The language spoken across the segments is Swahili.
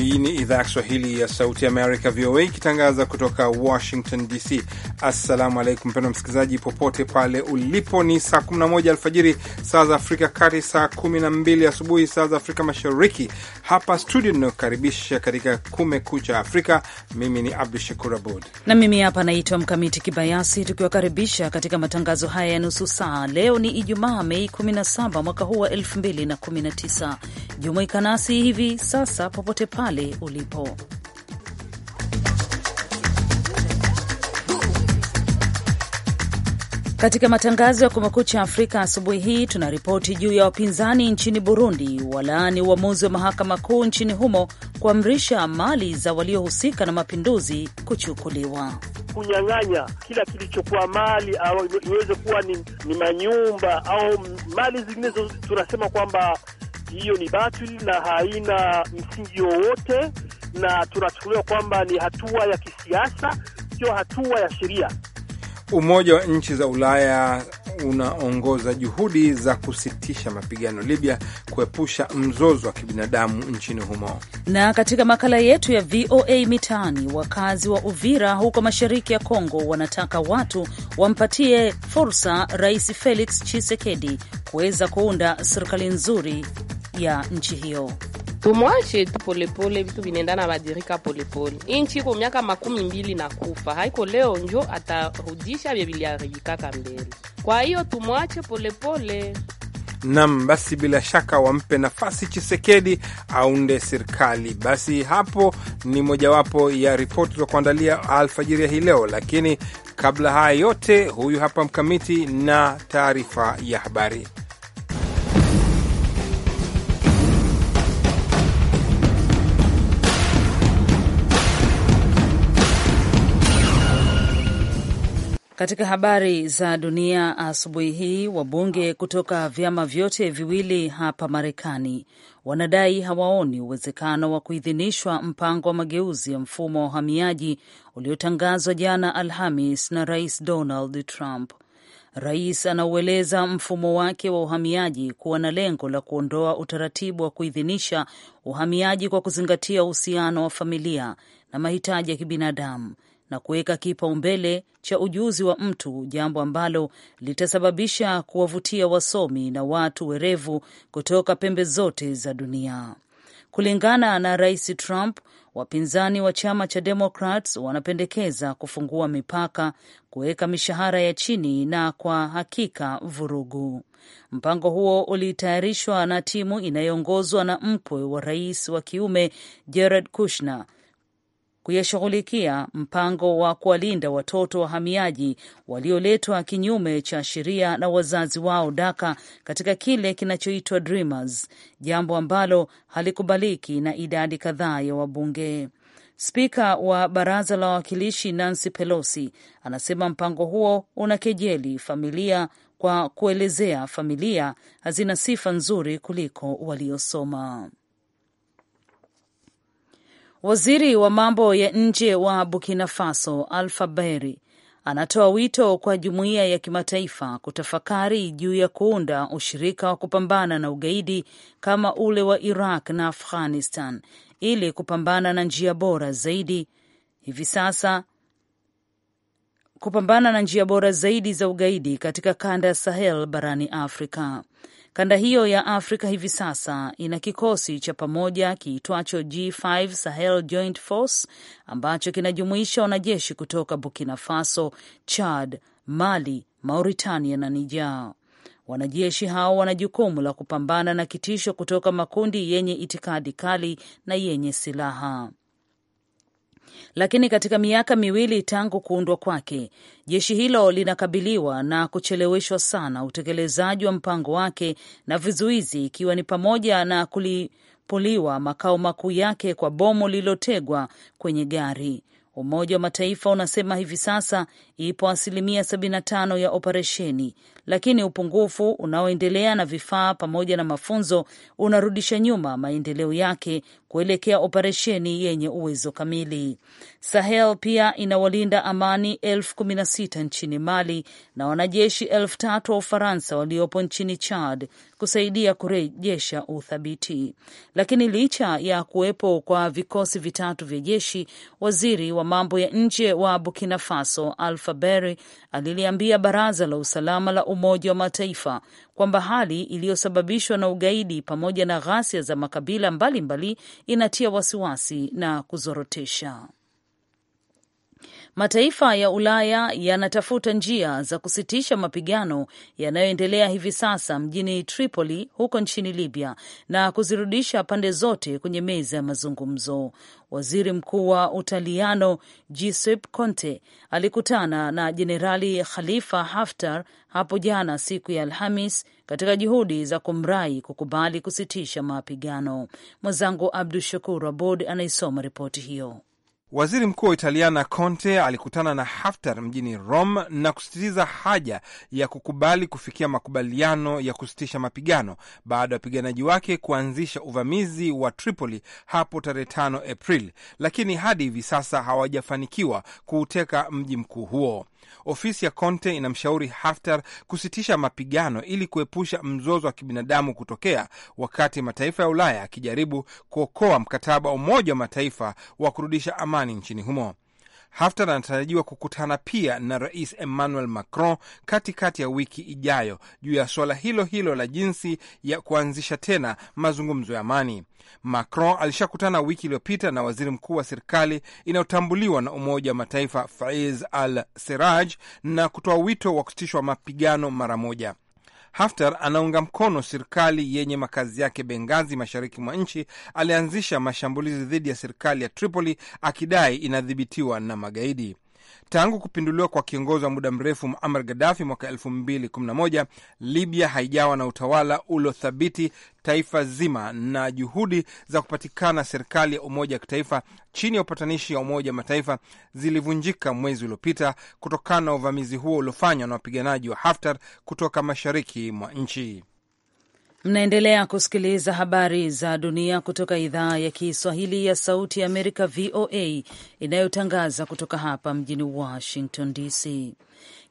Hii ni idhaa ya Kiswahili ya Sauti Amerika, VOA, ikitangaza kutoka Washington DC. Assalamu alaikum mpendwa msikilizaji, popote pale ulipo. Ni saa 11 alfajiri saa za Afrika Kati, saa 12 asubuhi saa za Afrika Mashariki. Hapa studio inayokaribisha katika Kumekucha Afrika, mimi ni Abdu Shakur Abud na mimi hapa naitwa Mkamiti Kibayasi, tukiwakaribisha katika matangazo haya ya nusu saa. Leo ni Ijumaa, Mei 17 mwaka huu wa 2019. Jumuika nasi hivi sasa popote pale pale ulipo. Katika matangazo ya Kumekucha Afrika asubuhi hii tuna ripoti juu ya wapinzani nchini Burundi walaani uamuzi wa mahakama kuu nchini humo kuamrisha mali za waliohusika na mapinduzi kuchukuliwa. Kunyang'anya kila kilichokuwa mali au iweze kuwa ni, ni manyumba au mali zingine, tunasema kwamba hiyo ni batili na haina msingi wowote, na tunachukuliwa kwamba ni hatua ya kisiasa, sio hatua ya sheria. Umoja wa nchi za Ulaya unaongoza juhudi za kusitisha mapigano Libya, kuepusha mzozo wa kibinadamu nchini humo. Na katika makala yetu ya VOA Mitaani, wakazi wa Uvira huko mashariki ya Kongo wanataka watu wampatie fursa Rais Felix Tshisekedi kuweza kuunda serikali nzuri ya nchi hiyo. Tumwache tu polepole, vitu vinaenda na badirika polepole. Hii nchi iko miaka makumi mbili na kufa, haiko leo njo atarudisha vye viliharibikaka mbele. Kwa hiyo tumwache polepole. Nam, basi bila shaka wampe nafasi Chisekedi aunde serikali. Basi hapo ni mojawapo ya ripoti za kuandalia alfajiri ya hii leo, lakini kabla haya yote, huyu hapa Mkamiti na taarifa ya habari. Katika habari za dunia asubuhi hii, wabunge kutoka vyama vyote viwili hapa Marekani wanadai hawaoni uwezekano wa kuidhinishwa mpango wa mageuzi ya mfumo wa uhamiaji uliotangazwa jana Alhamis na Rais Donald Trump. Rais anaueleza mfumo wake wa uhamiaji kuwa na lengo la kuondoa utaratibu wa kuidhinisha uhamiaji kwa kuzingatia uhusiano wa familia na mahitaji ya kibinadamu na kuweka kipaumbele cha ujuzi wa mtu, jambo ambalo litasababisha kuwavutia wasomi na watu werevu kutoka pembe zote za dunia. Kulingana na Rais Trump, wapinzani wa chama cha Democrats wanapendekeza kufungua mipaka, kuweka mishahara ya chini na kwa hakika vurugu. Mpango huo ulitayarishwa na timu inayoongozwa na mkwe wa rais wa kiume Jared Kushner kuyashughulikia mpango wa kuwalinda watoto wahamiaji walioletwa kinyume cha sheria na wazazi wao Daka katika kile kinachoitwa Dreamers, jambo ambalo halikubaliki na idadi kadhaa ya wabunge. Spika wa baraza la wawakilishi Nancy Pelosi anasema mpango huo unakejeli familia kwa kuelezea familia hazina sifa nzuri kuliko waliosoma. Waziri wa mambo ya nje wa Burkina Faso Alfa Beri anatoa wito kwa jumuiya ya kimataifa kutafakari juu ya kuunda ushirika wa kupambana na ugaidi kama ule wa Iraq na Afghanistan ili kupambana na njia bora zaidi hivi sasa kupambana na njia bora zaidi za ugaidi katika kanda ya Sahel barani Afrika. Kanda hiyo ya Afrika hivi sasa ina kikosi cha pamoja kiitwacho G5 Sahel Joint Force ambacho kinajumuisha wanajeshi kutoka Burkina Faso, Chad, Mali, Mauritania na Niger. Wanajeshi hao wana jukumu la kupambana na kitisho kutoka makundi yenye itikadi kali na yenye silaha lakini katika miaka miwili tangu kuundwa kwake jeshi hilo linakabiliwa na kucheleweshwa sana utekelezaji wa mpango wake na vizuizi, ikiwa ni pamoja na kulipuliwa makao makuu yake kwa bomu lililotegwa kwenye gari. Umoja wa Mataifa unasema hivi sasa ipo asilimia 75 ya operesheni, lakini upungufu unaoendelea na vifaa pamoja na mafunzo unarudisha nyuma maendeleo yake kuelekea operesheni yenye uwezo kamili. Sahel pia inawalinda amani elfu kumi na sita nchini Mali na wanajeshi elfu tatu wa Ufaransa waliopo nchini Chad kusaidia kurejesha uthabiti. Lakini licha ya kuwepo kwa vikosi vitatu vya jeshi, waziri wa mambo ya nje wa Burkina Faso Alfa Beri aliliambia baraza la usalama la Umoja wa Mataifa kwamba hali iliyosababishwa na ugaidi pamoja na ghasia za makabila mbalimbali mbali inatia wasiwasi na kuzorotesha. Mataifa ya Ulaya yanatafuta njia za kusitisha mapigano yanayoendelea hivi sasa mjini Tripoli huko nchini Libya na kuzirudisha pande zote kwenye meza ya mazungumzo. Waziri Mkuu wa Utaliano Giuseppe Conte alikutana na Jenerali Khalifa Haftar hapo jana siku ya Alhamis katika juhudi za kumrai kukubali kusitisha mapigano. Mwenzangu Abdu Shakur Abod anaisoma ripoti hiyo. Waziri mkuu wa Italiana Conte alikutana na Haftar mjini Rome na kusisitiza haja ya kukubali kufikia makubaliano ya kusitisha mapigano baada ya wapiganaji wake kuanzisha uvamizi wa Tripoli hapo tarehe 5 Aprili, lakini hadi hivi sasa hawajafanikiwa kuuteka mji mkuu huo. Ofisi ya Conte inamshauri Haftar kusitisha mapigano ili kuepusha mzozo wa kibinadamu kutokea, wakati mataifa ya Ulaya akijaribu kuokoa mkataba wa Umoja wa Mataifa wa kurudisha amani nchini humo. Haftar anatarajiwa kukutana pia na Rais Emmanuel Macron katikati ya wiki ijayo juu ya suala hilo hilo la jinsi ya kuanzisha tena mazungumzo ya amani. Macron alishakutana wiki iliyopita na waziri mkuu wa serikali inayotambuliwa na Umoja wa Mataifa Faiz al Seraj na kutoa wito wa kusitishwa mapigano mara moja. Haftar anaunga mkono serikali yenye makazi yake Bengazi, mashariki mwa nchi. Alianzisha mashambulizi dhidi ya serikali ya Tripoli akidai inadhibitiwa na magaidi. Tangu kupinduliwa kwa kiongozi wa muda mrefu Muammar Gaddafi mwaka 2011 Libya haijawa na utawala uliothabiti taifa zima, na juhudi za kupatikana serikali ya umoja wa kitaifa chini ya upatanishi ya Umoja wa Mataifa zilivunjika mwezi uliopita kutokana na uvamizi huo uliofanywa na wapiganaji wa Haftar kutoka mashariki mwa nchi. Mnaendelea kusikiliza habari za dunia kutoka idhaa ya Kiswahili ya Sauti ya Amerika, VOA, inayotangaza kutoka hapa mjini Washington DC.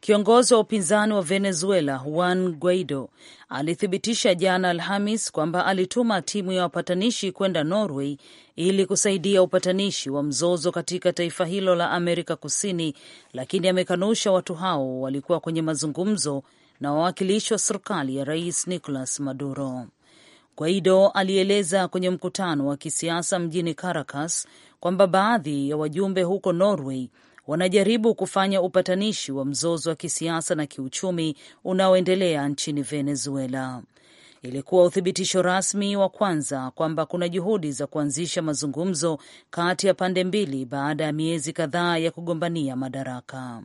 Kiongozi wa upinzani wa Venezuela Juan Guaido alithibitisha jana Alhamis kwamba alituma timu ya wapatanishi kwenda Norway ili kusaidia upatanishi wa mzozo katika taifa hilo la Amerika Kusini, lakini amekanusha watu hao walikuwa kwenye mazungumzo na wawakilishi wa serikali ya Rais Nicolas Maduro. Guaido alieleza kwenye mkutano wa kisiasa mjini Caracas kwamba baadhi ya wajumbe huko Norway wanajaribu kufanya upatanishi wa mzozo wa kisiasa na kiuchumi unaoendelea nchini Venezuela. Ilikuwa uthibitisho rasmi wa kwanza kwamba kuna juhudi za kuanzisha mazungumzo kati ya pande mbili baada ya miezi kadhaa ya kugombania madaraka.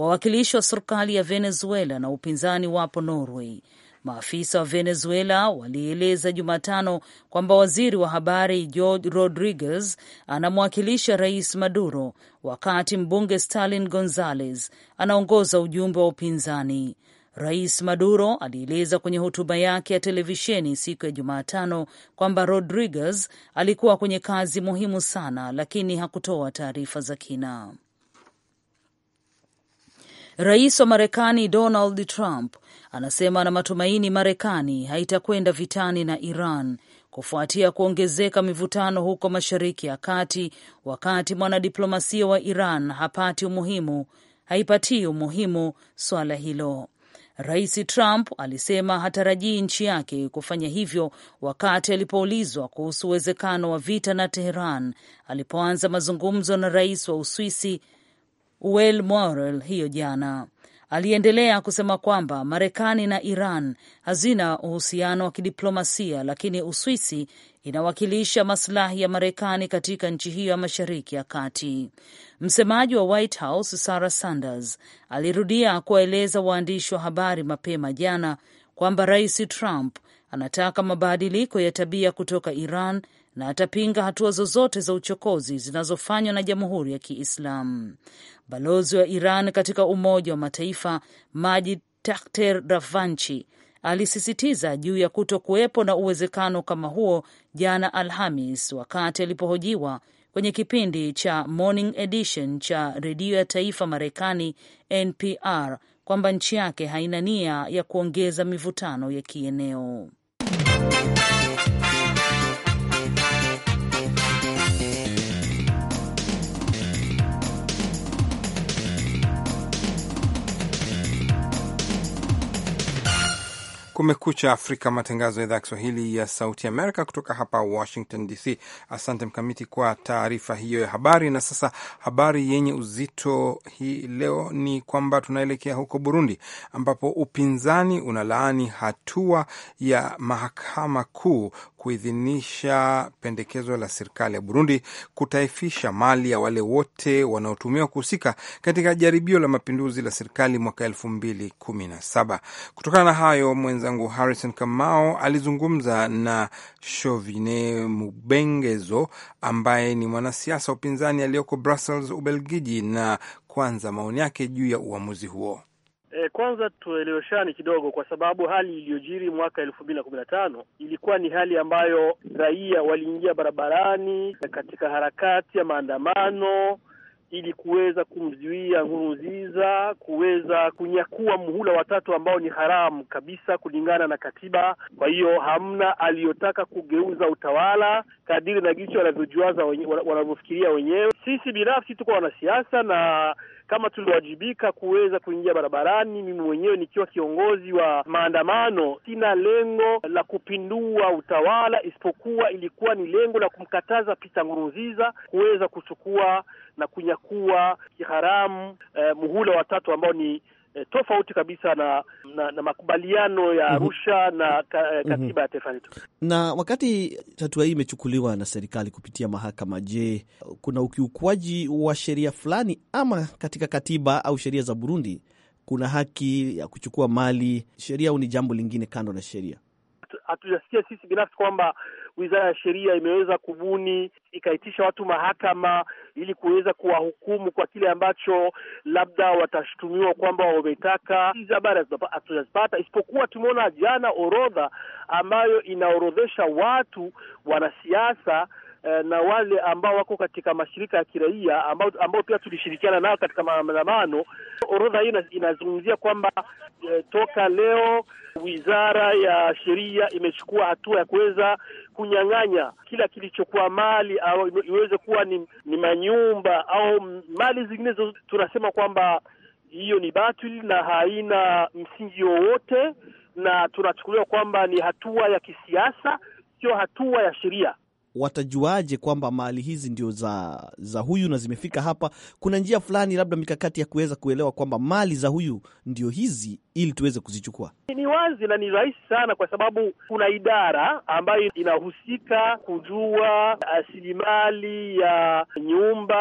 Wawakilishi wa serikali ya Venezuela na upinzani wapo Norway. Maafisa wa Venezuela walieleza Jumatano kwamba waziri wa habari George Rodriguez anamwakilisha Rais Maduro, wakati mbunge Stalin Gonzalez anaongoza ujumbe wa upinzani. Rais Maduro alieleza kwenye hotuba yake ya televisheni siku ya Jumatano kwamba Rodriguez alikuwa kwenye kazi muhimu sana, lakini hakutoa taarifa za kina. Rais wa Marekani Donald Trump anasema ana matumaini Marekani haitakwenda vitani na Iran kufuatia kuongezeka mivutano huko Mashariki ya Kati, wakati mwanadiplomasia wa Iran hapati umuhimu haipatii umuhimu suala hilo. Rais Trump alisema hatarajii nchi yake kufanya hivyo wakati alipoulizwa kuhusu uwezekano wa vita na Teheran alipoanza mazungumzo na rais wa Uswisi Uel Morel hiyo jana. Aliendelea kusema kwamba Marekani na Iran hazina uhusiano wa kidiplomasia, lakini Uswisi inawakilisha masilahi ya Marekani katika nchi hiyo ya Mashariki ya Kati. Msemaji wa White House Sarah Sanders alirudia kuwaeleza waandishi wa habari mapema jana kwamba Rais Trump anataka mabadiliko ya tabia kutoka Iran na atapinga hatua zozote za uchokozi zinazofanywa na Jamhuri ya Kiislamu. Balozi wa Iran katika Umoja wa Mataifa Majid Takter Ravanchi alisisitiza juu ya kuto kuwepo na uwezekano kama huo jana Alhamis, wakati alipohojiwa kwenye kipindi cha Morning Edition cha redio ya taifa Marekani, NPR, kwamba nchi yake haina nia ya kuongeza mivutano ya kieneo. Kumekucha Afrika, matangazo ya idhaa ya Kiswahili ya Sauti Amerika kutoka hapa Washington DC. Asante Mkamiti kwa taarifa hiyo ya habari. Na sasa habari yenye uzito hii leo ni kwamba tunaelekea huko Burundi, ambapo upinzani unalaani hatua ya mahakama kuu kuidhinisha pendekezo la serikali ya Burundi kutaifisha mali ya wale wote wanaotumiwa kuhusika katika jaribio la mapinduzi la serikali mwaka elfu mbili kumi na saba. Kutokana na hayo, mwenzangu Harrison Kamao alizungumza na Chauvine Mubengezo ambaye ni mwanasiasa wa upinzani aliyoko Brussels, Ubelgiji, na kwanza maoni yake juu ya uamuzi huo. E, kwanza tueleweshane kidogo, kwa sababu hali iliyojiri mwaka elfu mbili na kumi na tano ilikuwa ni hali ambayo raia waliingia barabarani katika harakati ya maandamano ili kuweza kumzuia Nkurunziza kuweza kunyakua muhula watatu ambao ni haramu kabisa kulingana na katiba. Kwa hiyo hamna aliyotaka kugeuza utawala kadiri na gicho wanavyojuaza wanavyofikiria wenyewe. Sisi binafsi tuko wanasiasa na kama tuliwajibika kuweza kuingia barabarani, mimi mwenyewe nikiwa kiongozi wa maandamano, sina lengo la kupindua utawala, isipokuwa ilikuwa ni lengo la kumkataza Pita Nkurunziza kuweza kuchukua na kunyakua kiharamu eh, muhula watatu ambao ni eh, tofauti kabisa na, na, na makubaliano ya mhm. Arusha mm -hmm. na ka, eh, mhm. katiba mm -hmm. ya taifa letu. Na wakati hatua hii imechukuliwa na serikali kupitia mahakama, je, kuna ukiukwaji wa sheria fulani ama katika katiba au sheria za Burundi kuna haki ya kuchukua mali sheria au ni jambo lingine kando na sheria? Hatujasikia sisi binafsi kwamba wizara ya sheria imeweza kubuni ikaitisha watu mahakama ili kuweza kuwahukumu kwa kile ambacho labda watashutumiwa kwamba wametaka. Hizi habari hatujazipata, isipokuwa tumeona jana orodha ambayo inaorodhesha watu wanasiasa Eh, na wale ambao wako katika mashirika ya kiraia ambao, ambao pia tulishirikiana nao katika maandamano. Orodha hii inazungumzia kwamba e, toka leo Wizara ya Sheria imechukua hatua ya kuweza kunyang'anya kila kilichokuwa mali au iweze kuwa ni, ni manyumba au mali zingine Tunasema kwamba hiyo ni batili na haina msingi wowote, na tunachukuliwa kwamba ni hatua ya kisiasa, sio hatua ya sheria watajuaje kwamba mali hizi ndio za, za huyu na zimefika hapa? Kuna njia fulani labda mikakati ya kuweza kuelewa kwamba mali za huyu ndio hizi ili tuweze kuzichukua? Ni wazi na ni rahisi sana, kwa sababu kuna idara ambayo inahusika kujua rasilimali ya nyumba,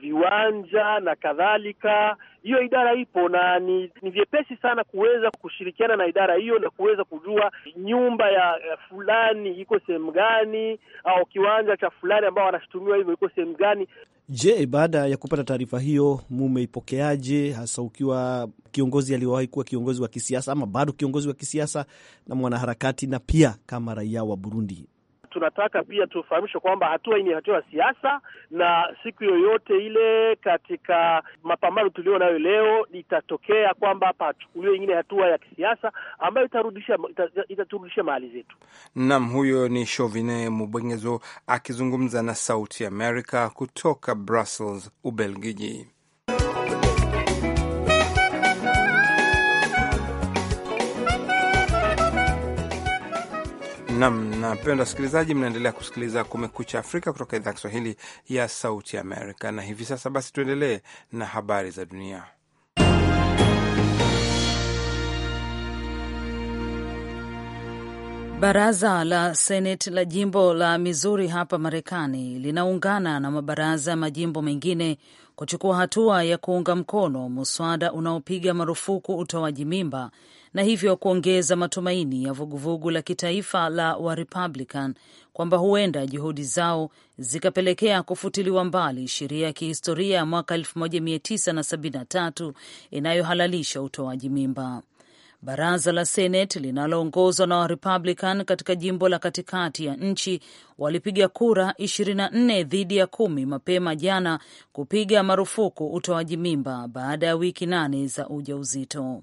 viwanja na kadhalika. Hiyo idara ipo na ni, ni vyepesi sana kuweza kushirikiana na idara hiyo na kuweza kujua nyumba ya fulani iko sehemu gani au au kiwanja cha fulani ambao wanashutumiwa hivyo iko sehemu gani? Je, baada ya kupata taarifa hiyo mumeipokeaje, hasa ukiwa kiongozi aliyowahi kuwa kiongozi wa kisiasa ama bado kiongozi wa kisiasa na mwanaharakati, na pia kama raia wa Burundi? tunataka pia tufahamishwe kwamba hatua hii ni hatua ya siasa, na siku yoyote ile katika mapambano tulio nayo leo itatokea kwamba pachukuliwe ingine hatua ya kisiasa ambayo itarudisha itaturudisha mahali zetu. Naam, huyo ni Shovine Mubwengezo akizungumza na Sauti Amerika kutoka Brussels, Ubelgiji. Nam, napenda wasikilizaji, mnaendelea kusikiliza Kumekucha Afrika kutoka idhaa ya Kiswahili ya Sauti Amerika. Na hivi sasa basi, tuendelee na habari za dunia. Baraza la Seneti la jimbo la mizuri hapa Marekani linaungana na mabaraza ya majimbo mengine kuchukua hatua ya kuunga mkono muswada unaopiga marufuku utoaji mimba na hivyo kuongeza matumaini ya vuguvugu la kitaifa la Warepublican kwamba huenda juhudi zao zikapelekea kufutiliwa mbali sheria ya kihistoria ya mwaka 1973 inayohalalisha utoaji mimba. Baraza la Seneti linaloongozwa na Warepublican katika jimbo la katikati ya nchi walipiga kura 24 dhidi ya kumi mapema jana kupiga marufuku utoaji mimba baada ya wiki nane za ujauzito.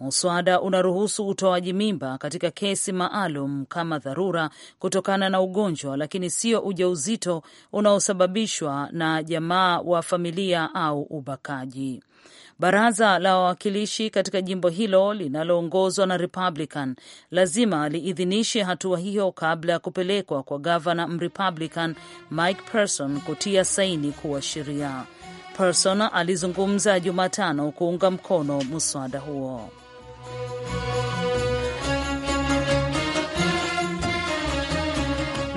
Muswada unaruhusu utoaji mimba katika kesi maalum kama dharura kutokana na ugonjwa, lakini sio ujauzito unaosababishwa na jamaa wa familia au ubakaji. Baraza la wawakilishi katika jimbo hilo linaloongozwa na Republican lazima liidhinishe hatua hiyo kabla ya kupelekwa kwa gavana Mrepublican Mike Person kutia saini kuwa sheria. Person alizungumza Jumatano kuunga mkono muswada huo.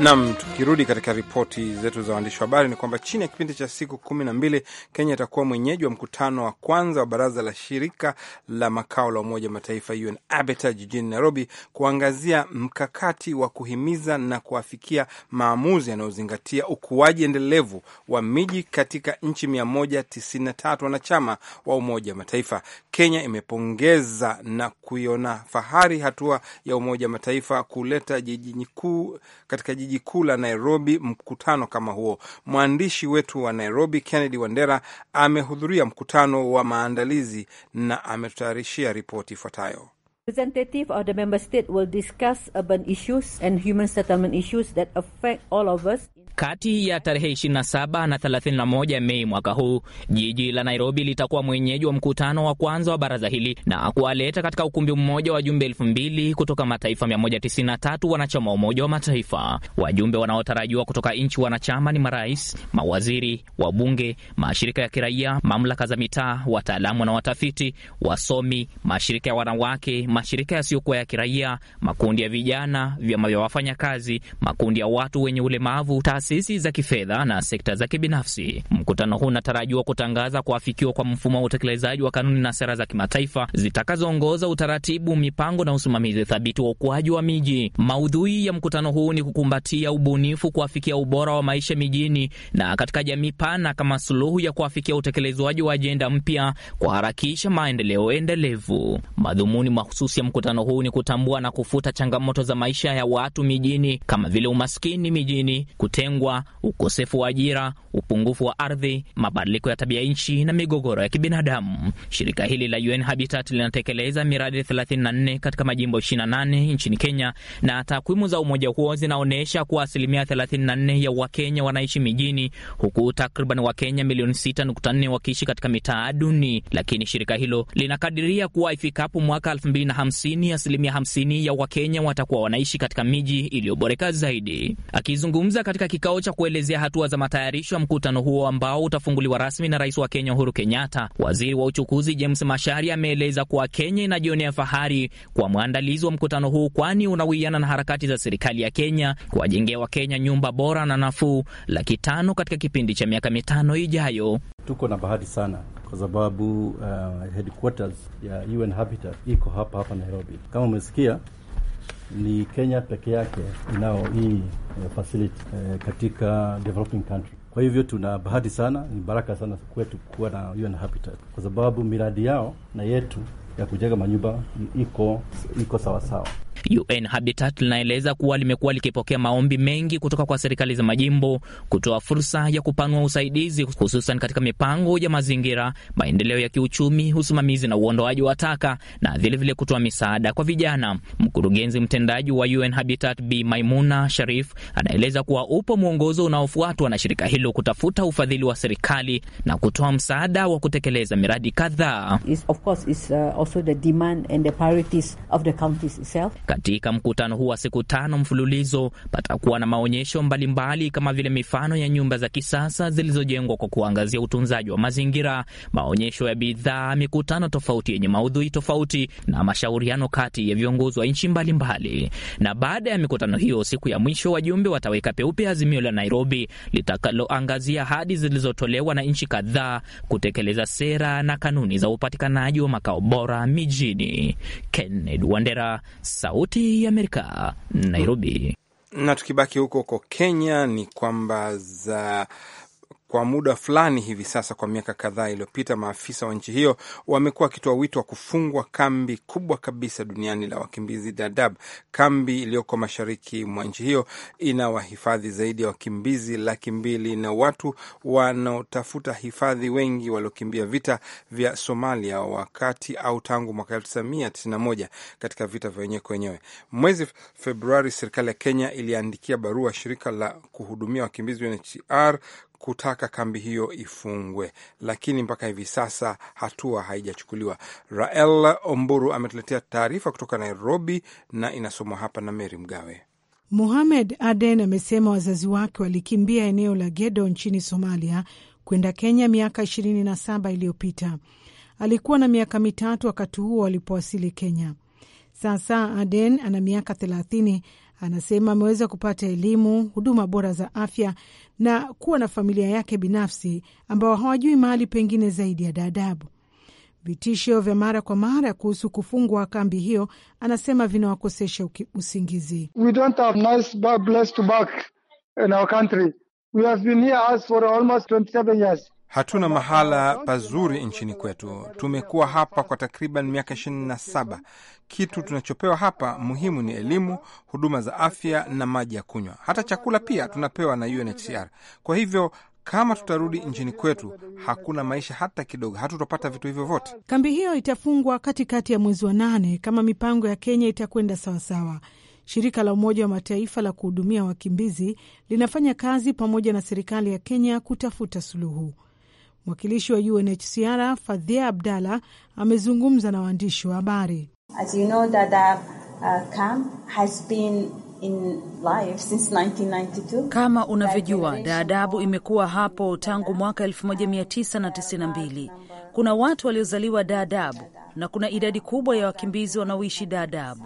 Nam, tukirudi katika ripoti zetu za waandishi wa habari ni kwamba chini ya kipindi cha siku kumi na mbili Kenya itakuwa mwenyeji wa mkutano wa kwanza wa baraza la shirika la makao la Umoja wa Mataifa UN ABETA jijini Nairobi kuangazia mkakati wa kuhimiza na kuafikia maamuzi yanayozingatia ukuaji endelevu wa miji katika nchi 193 wanachama wa Umoja wa Mataifa. Kenya imepongeza na kuiona fahari hatua ya Umoja wa Mataifa kuleta jiji kuu katika jiji jiji kuu la Nairobi mkutano kama huo. Mwandishi wetu wa Nairobi, Kennedy Wandera, amehudhuria mkutano wa maandalizi na ametutayarishia ripoti ifuatayo. Representative of the member state will discuss urban issues and human settlement issues that affect all of us. Kati ya tarehe 27 na 31 Mei mwaka huu, jiji la Nairobi litakuwa mwenyeji wa mkutano wa kwanza wa baraza hili na kuwaleta katika ukumbi mmoja wajumbe elfu mbili kutoka mataifa 193 wanachama wa Umoja wa Mataifa. Wajumbe wanaotarajiwa kutoka nchi wanachama ni marais, mawaziri, wabunge, mashirika ya kiraia, mamlaka za mitaa, wataalamu na watafiti, wasomi, mashirika ya wanawake, mashirika yasiyokuwa ya kiraia, makundi ya vijana, vyama vya wafanyakazi, makundi ya watu wenye ulemavu taasisi za kifedha na sekta za kibinafsi. Mkutano huu unatarajiwa kutangaza kuafikiwa kwa mfumo wa utekelezaji wa kanuni na sera za kimataifa zitakazoongoza utaratibu, mipango na usimamizi thabiti wa ukuaji wa miji. Maudhui ya mkutano huu ni kukumbatia ubunifu, kuafikia ubora wa maisha mijini na katika jamii pana kama suluhu ya kuafikia utekelezwaji wa ajenda mpya, kuharakisha maendeleo endelevu. Madhumuni mahususi ya mkutano huu ni kutambua na kufuta changamoto za maisha ya watu mijini kama vile umaskini mijini, kutengwa jangwa, ukosefu wa ajira, upungufu wa ardhi, mabadiliko ya tabia nchi na migogoro ya kibinadamu. Shirika hili la UN Habitat linatekeleza miradi 34 katika majimbo 28 nchini Kenya, na takwimu za umoja huo zinaonyesha kuwa asilimia 34 ya Wakenya wanaishi mijini, huku takriban Wakenya milioni 6.4 wakiishi katika mitaa duni. Lakini shirika hilo linakadiria kuwa ifikapo mwaka 2050 asilimia 50 ya Wakenya watakuwa wanaishi katika miji iliyoboreka zaidi. Akizungumza katika Kikao cha kuelezea hatua za matayarisho ya mkutano huo ambao utafunguliwa rasmi na rais wa Kenya Uhuru Kenyatta, waziri wa uchukuzi James Mashari ameeleza kuwa Kenya inajionea fahari kwa mwandalizi wa mkutano huu, kwani unawiana na harakati za serikali ya Kenya kuwajengea Wakenya nyumba bora na nafuu laki tano katika kipindi cha miaka mitano ijayo. Tuko na bahati sana kwa sababu uh, headquarters ya UN Habitat iko hapa hapa Nairobi. Kama umesikia ni Kenya peke yake inao hii eh, facility eh, katika developing country. Kwa hivyo tuna bahati sana, ni baraka sana kwetu kuwa na UN Habitat kwa sababu miradi yao na yetu ya kujenga manyumba iko iko sawasawa. UN Habitat linaeleza kuwa limekuwa likipokea maombi mengi kutoka kwa serikali za majimbo kutoa fursa ya kupanua usaidizi hususan katika mipango ya mazingira, maendeleo ya kiuchumi, usimamizi na uondoaji wa taka na vilevile kutoa misaada kwa vijana. Mkurugenzi mtendaji wa UN Habitat Bi Maimuna Sharif anaeleza kuwa upo mwongozo unaofuatwa na shirika hilo kutafuta ufadhili wa serikali na kutoa msaada wa kutekeleza miradi kadhaa. Katika mkutano huu wa siku tano mfululizo, patakuwa na maonyesho mbalimbali mbali kama vile mifano ya nyumba za kisasa zilizojengwa kwa kuangazia utunzaji wa mazingira, maonyesho ya bidhaa, mikutano tofauti yenye maudhui tofauti na mashauriano kati ya viongozi wa nchi mbalimbali. Na baada ya mikutano hiyo, siku ya mwisho, wajumbe wataweka peupe azimio la Nairobi litakaloangazia ahadi zilizotolewa na nchi kadhaa kutekeleza sera na kanuni za upatikanaji wa makao bora mijini. Kennedy Wandera, Sauti Sauti ya Amerika, Nairobi. Na tukibaki huko huko Kenya ni kwamba za kwa muda fulani hivi sasa, kwa miaka kadhaa iliyopita, maafisa wa nchi hiyo wamekuwa wakitoa wito wa kufungwa kambi kubwa kabisa duniani la wakimbizi Dadaab. Kambi iliyoko mashariki mwa nchi hiyo ina wahifadhi zaidi ya wakimbizi laki mbili na watu wanaotafuta hifadhi, wengi waliokimbia vita vya Somalia wakati au tangu mwaka 1991 katika vita vya wenyewe kwenyewe. Mwezi Februari, serikali ya Kenya iliandikia barua shirika la kuhudumia wakimbizi UNHCR kutaka kambi hiyo ifungwe, lakini mpaka hivi sasa hatua haijachukuliwa. Rael Omburu ametuletea taarifa kutoka Nairobi na inasomwa hapa na Meri Mgawe. muhamed Aden amesema wazazi wake walikimbia eneo la Gedo nchini Somalia kwenda Kenya miaka 27 iliyopita. Alikuwa na miaka mitatu wakati huo walipowasili Kenya. Sasa Aden ana miaka 30 Anasema ameweza kupata elimu, huduma bora za afya na kuwa na familia yake binafsi ambao hawajui mahali pengine zaidi ya Dadaab. Vitisho vya mara kwa mara kuhusu kufungwa kambi hiyo, anasema vinawakosesha usingizi. We don't have nice place to back in our country. We have been here as for almost 27 years. Hatuna mahala pazuri nchini kwetu. Tumekuwa hapa kwa takriban miaka ishirini na saba. Kitu tunachopewa hapa muhimu ni elimu, huduma za afya na maji ya kunywa. Hata chakula pia tunapewa na UNHCR. Kwa hivyo kama tutarudi nchini kwetu, hakuna maisha hata kidogo, hatutopata vitu hivyo vyote. Kambi hiyo itafungwa katikati ya mwezi wa nane kama mipango ya Kenya itakwenda sawasawa. Shirika la Umoja wa Mataifa la kuhudumia wakimbizi linafanya kazi pamoja na serikali ya Kenya kutafuta suluhu. Mwakilishi wa UNHCR Fadhia Abdalla amezungumza na waandishi wa habari. you know uh, kama unavyojua Daadabu imekuwa hapo tangu mwaka 1992. Kuna watu waliozaliwa Daadabu na kuna idadi kubwa ya wakimbizi wanaoishi Daadabu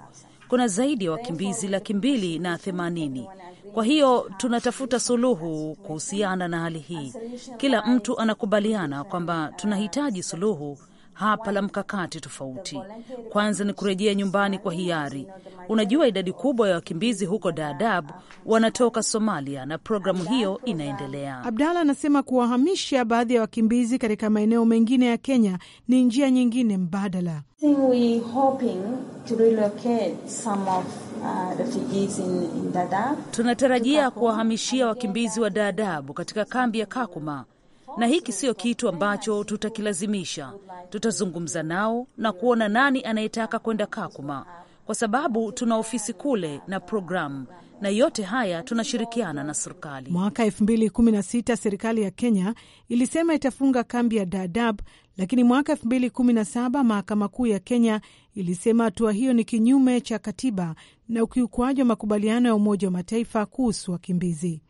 kuna zaidi ya wa wakimbizi laki mbili na themanini. Kwa hiyo tunatafuta suluhu kuhusiana na hali hii. Kila mtu anakubaliana kwamba tunahitaji suluhu hapa la mkakati tofauti. Kwanza ni kurejea nyumbani kwa hiari. Unajua, idadi kubwa ya wakimbizi huko Dadaab wanatoka Somalia na programu hiyo inaendelea. abdalah anasema kuwahamisha baadhi ya wakimbizi katika maeneo mengine ya Kenya ni njia nyingine mbadala. Uh, Tunatarajia kuwahamishia wakimbizi wa Dadaab katika kambi ya Kakuma na hiki sio kitu ambacho tutakilazimisha. Tutazungumza nao na kuona nani anayetaka kwenda Kakuma, kwa sababu tuna ofisi kule na programu na yote haya tunashirikiana na serikali. Mwaka 2016 serikali ya Kenya ilisema itafunga kambi ya Dadaab, lakini mwaka 2017 mahakama kuu ya Kenya ilisema hatua hiyo ni kinyume cha katiba na ukiukwaji wa makubaliano ya Umoja wa Mataifa kuhusu wakimbizi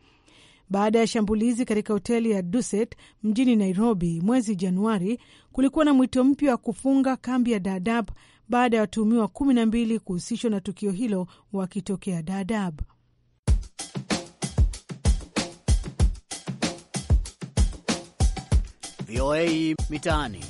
baada ya shambulizi katika hoteli ya Duset mjini Nairobi mwezi Januari, kulikuwa na mwito mpya wa kufunga kambi ya dadab baada ya watuhumiwa kumi na mbili kuhusishwa na tukio hilo wakitokea dadab VOA Mitaani.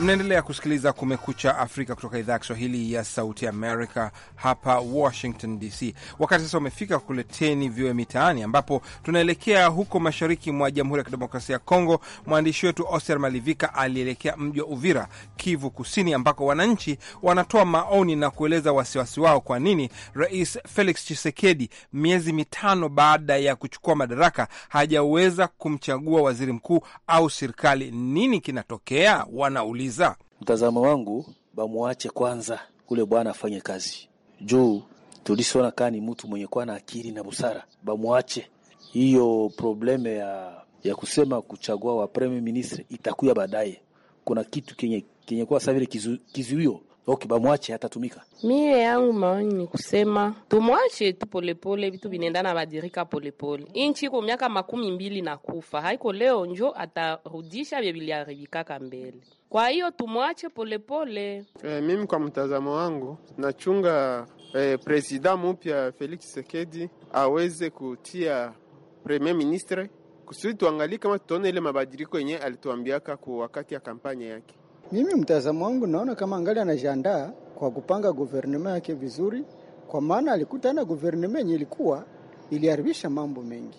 Mnaendelea kusikiliza Kumekucha Afrika kutoka idhaa ya Kiswahili ya Sauti Amerika hapa Washington DC. Wakati sasa umefika kuleteni Vyoe Mitaani, ambapo tunaelekea huko mashariki mwa Jamhuri ya Kidemokrasia ya Kongo. Mwandishi wetu Oster Malivika alielekea mji wa Uvira, Kivu Kusini, ambako wananchi wanatoa maoni na kueleza wasiwasi wao kwa nini Rais Felix Tshisekedi, miezi mitano baada ya kuchukua madaraka, hajaweza kumchagua waziri mkuu au serikali. Nini kinatokea? Wanauliza kumaliza. Mtazamo wangu bamwache kwanza ule bwana afanye kazi juu tulisiona ni mtu mwenye kuwa na akili na busara, bamwache hiyo probleme ya, ya kusema kuchagua wa premier ministre itakuya baadaye. Kuna kitu kenye, kenye kuwa savile kizu, kizuio Okay, bamwache hatatumika. Mie yangu maoni ni kusema tumwache tu polepole, vitu vinaendana badirika polepole. Inchi iko miaka makumi mbili na kufa haiko leo njo atarudisha vye viliharibikaka mbele. Kwa hiyo tumwache polepole. E, eh, mimi kwa mtazamo wangu nachunga e, eh, presida mupya Felix chisekedi aweze kutia premier ministre kusudi tuangalie kama tutaona ile mabadiliko yenyewe alituambiaka kwa wakati ya kampanya yake. Mimi mtazamo wangu naona kama angali anajiandaa kwa kupanga guvernema yake vizuri, kwa maana alikutana guvernema yenye ilikuwa iliharibisha mambo mengi,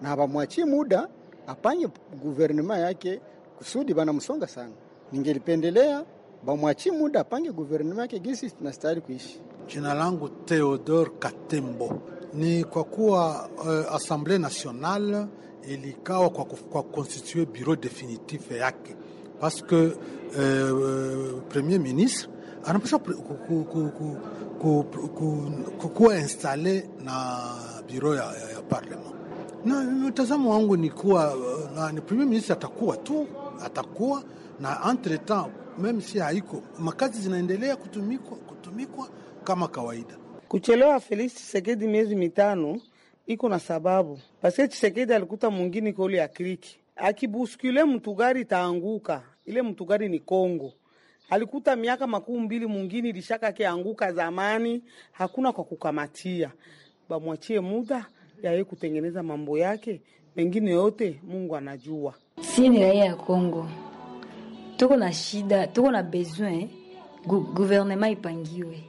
na hawamwachii muda apange guvernema yake kusudi banamsonga sana ningelipendelea bamwachi muda apange guvernema yake gisi tunastahili kuishi. Jina langu Theodor Katembo. Ni kwa kuwa uh, Assemblée nationale ilikawa kwa, kwa constituer bureau definitif yake parce que uh, premier ministre anapasha kuwa installe na bureau ya, ya, ya parlement. Na mtazamo wangu ni kuwa uh, ni premier ministre atakuwa tu atakuwa na entre temps meme si haiko makazi zinaendelea kutumikwa, kutumikwa kama kawaida. Kuchelewa Felix Chisekedi miezi mitano iko na sababu paske Chisekedi alikuta mwingine koli ya kriki akibuskule mtu gari itaanguka ile mtu gari ni Kongo alikuta miaka makumi mbili mwingine ilishaka kianguka zamani, hakuna kwa kukamatia, bamwachie muda yaye kutengeneza mambo yake mengine yote, Mungu anajua. Si ni raia ya Kongo tuko na shida, tuko na besoin guvernema ipangiwe.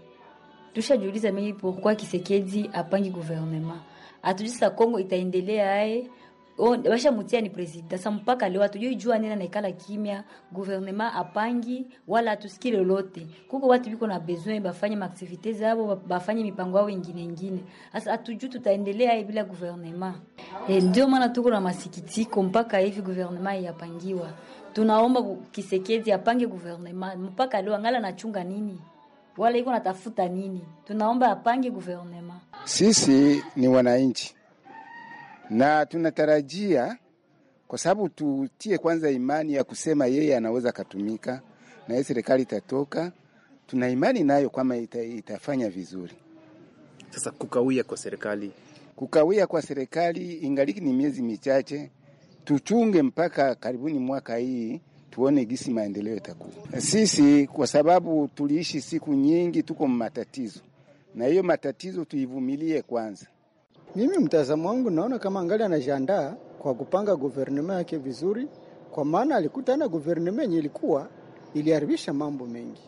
Tushajiuliza mimi pourquoi Kisekedi apangi guvernema, atujui sa Kongo itaendelea aye Basha mutia ni president sa mpaka leo atujui jua nena naikala kimya, guvernema apangi wala atusikie lolote. Kuko watu biko na besoin bafanye maaktivite zabo bafanye mipango yao ingine ingine, sasa atujui tutaendelea bila guvernema. Eh, ndio maana tuko na masikitiko mpaka hivi guvernema yapangiwa tunaomba Kisekezi apange gouvernement mpaka leo angala nachunga nini wala iko natafuta nini? Tunaomba apange gouvernement. Sisi ni wananchi na tunatarajia, kwa sababu tutie kwanza imani ya kusema yeye anaweza akatumika na hii serikali itatoka, tuna imani nayo kwamba ita, itafanya vizuri. Sasa kukawia kwa serikali, kukawia kwa serikali ingaliki ni miezi michache tuchunge mpaka karibuni mwaka hii tuone gisi maendeleo itakuwa. Sisi kwa sababu tuliishi siku nyingi, tuko matatizo, na hiyo matatizo tuivumilie kwanza. Mimi mtazamo wangu naona kama angali anajiandaa kwa kupanga guvernema yake vizuri, kwa maana na guvernema yenye ilikuwa iliharibisha mambo mengi,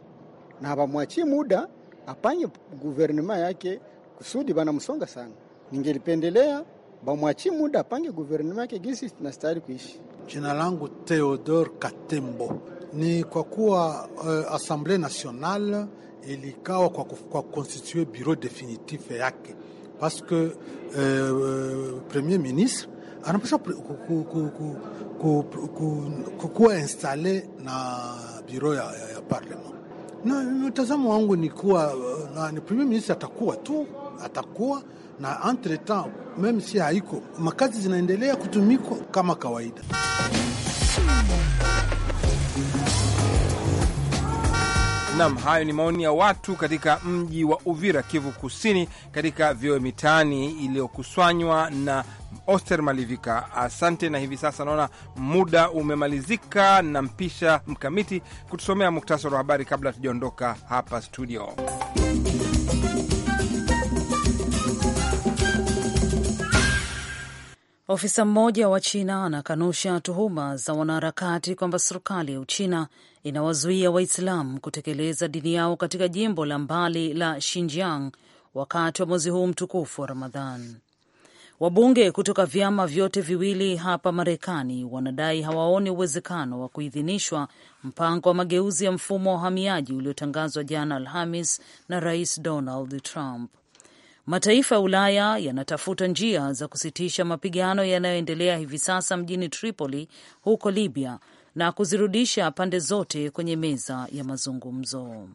na hapamwachie muda apange guvernema yake kusudi banamsonga sana. Ningelipendelea bamwachi muda apange guverinema yake gisi tunastahili kuishi. Jina langu Theodore Katembo. Ni kwa kuwa uh, Assemblée nationale ilikawa kwa, kwa konstitue bureau definitif yake parce que uh, premier ministre anapasha kukuwa installe na bureau ya, ya, ya parlement na mtazamo wangu ni kuwa euh, na, ni premier ministre atakuwa tu atakuwa na entretemps, meme si haiko makazi zinaendelea kutumikwa kama kawaida. Nam, hayo ni maoni ya watu katika mji wa Uvira, Kivu Kusini, katika vyoe mitaani iliyokuswanywa na Oster Malivika. Asante. Na hivi sasa naona muda umemalizika, na mpisha Mkamiti kutusomea muktasari wa habari kabla tujaondoka hapa studio. Ofisa mmoja wa China anakanusha tuhuma za wanaharakati kwamba serikali ya Uchina inawazuia Waislamu kutekeleza dini yao katika jimbo la mbali la Xinjiang wakati wa mwezi huu mtukufu wa Ramadhan. Wabunge kutoka vyama vyote viwili hapa Marekani wanadai hawaoni uwezekano wa kuidhinishwa mpango wa mageuzi ya mfumo wa uhamiaji uliotangazwa jana Alhamis na Rais Donald Trump. Mataifa ya Ulaya yanatafuta njia za kusitisha mapigano yanayoendelea hivi sasa mjini Tripoli huko Libya na kuzirudisha pande zote kwenye meza ya mazungumzo.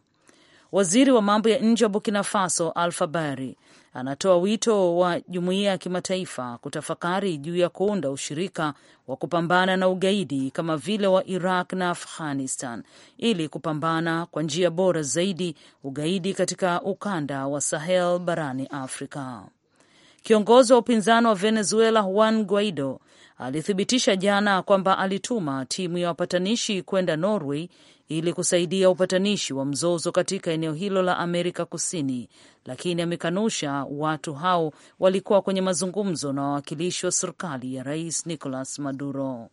Waziri wa mambo ya nje wa Burkina Faso Alfa Bari anatoa wito wa jumuiya ya kimataifa kutafakari juu ya kuunda ushirika wa kupambana na ugaidi kama vile wa Iraq na Afghanistan ili kupambana kwa njia bora zaidi ugaidi katika ukanda wa Sahel barani Afrika. Kiongozi wa upinzani wa Venezuela Juan Guaido alithibitisha jana kwamba alituma timu ya wapatanishi kwenda Norway ili kusaidia upatanishi wa mzozo katika eneo hilo la Amerika Kusini, lakini amekanusha watu hao walikuwa kwenye mazungumzo na wawakilishi wa serikali ya Rais Nicolas Maduro.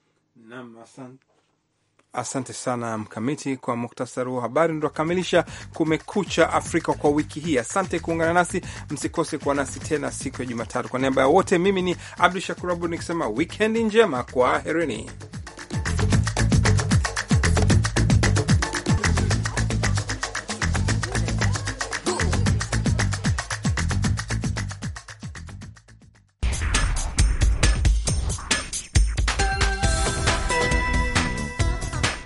Asante sana Mkamiti kwa muktasari wa habari. Ndo akamilisha Kumekucha Afrika kwa wiki hii. Asante kuungana nasi, msikose kuwa nasi tena siku ya Jumatatu. Kwa niaba ya wote, mimi ni Abdu Shakur Abud nikisema wikendi njema, kwa herini.